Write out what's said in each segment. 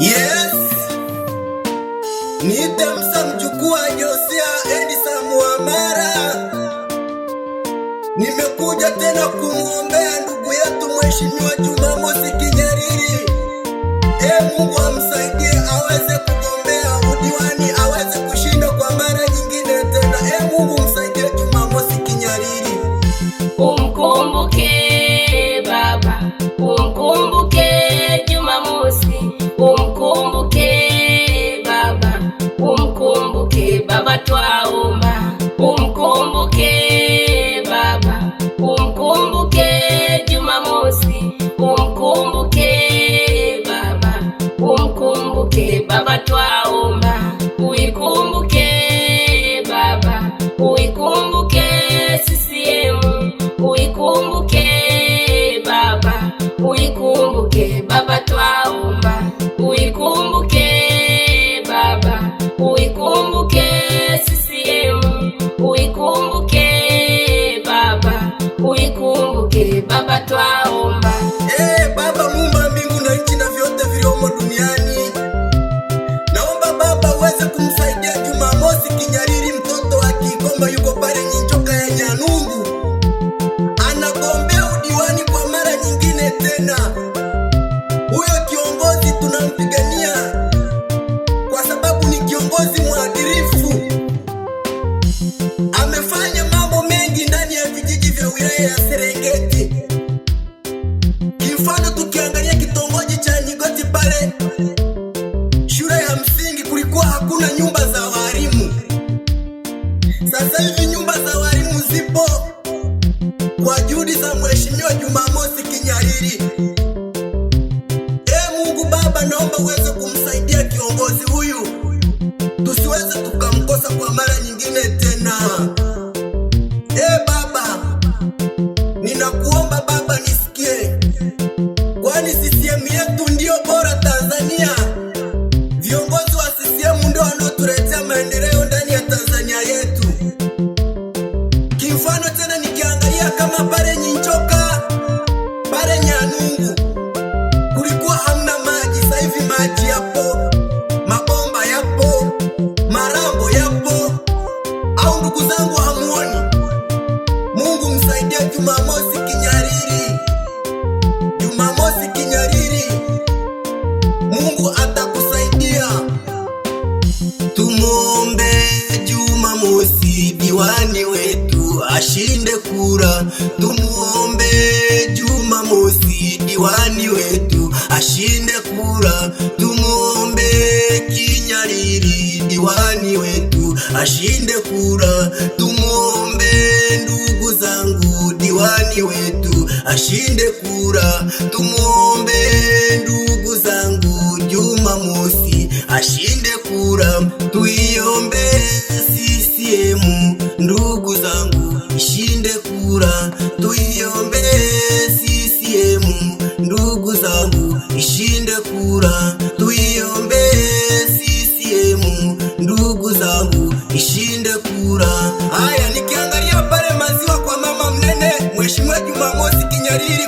Yes, msa mjukuu wa Josia Edisa Mwamara, nimekuja tena kumwombea ndugu yetu mheshimiwa Mas eu consigo kwa juhudi za Mheshimiwa Jumamosi Kinyariri. Ee Mungu Baba, naomba uweze kumsaidia kiongozi huyu, tusiweze tukamkosa kwa mara nyingine tena. Ee Baba, ninakuomba Baba nisikie, kwani CCM yetu ndiyo bora Tanzania. wetu ashinde kura, tumuombe Jumamosi diwani wetu ashinde kura, tumuombe Kinyariri diwani wetu ashinde kura, tumuombe ndugu zangu diwani wetu ashinde kura, tumuombe ndugu zangu Jumamosi ashinde kura, tuiombe CCM zangu ishinde kura, tuiombe CCM. Ndugu zangu ishinde kura, tuiombe CCM. Ndugu zangu ishinde kura. Haya, nikiangalia pale maziwa kwa mama mnene, Mheshimiwa Jumamosi Kinyariri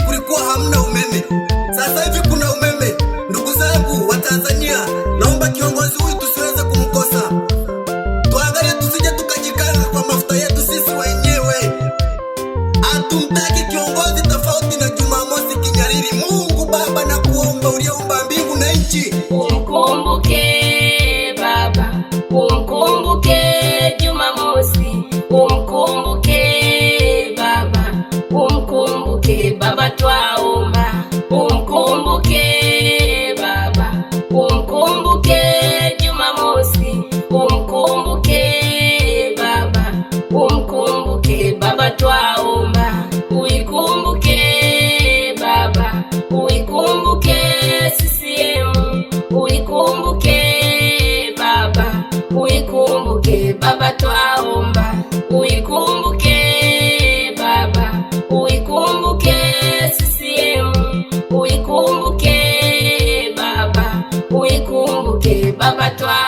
batwa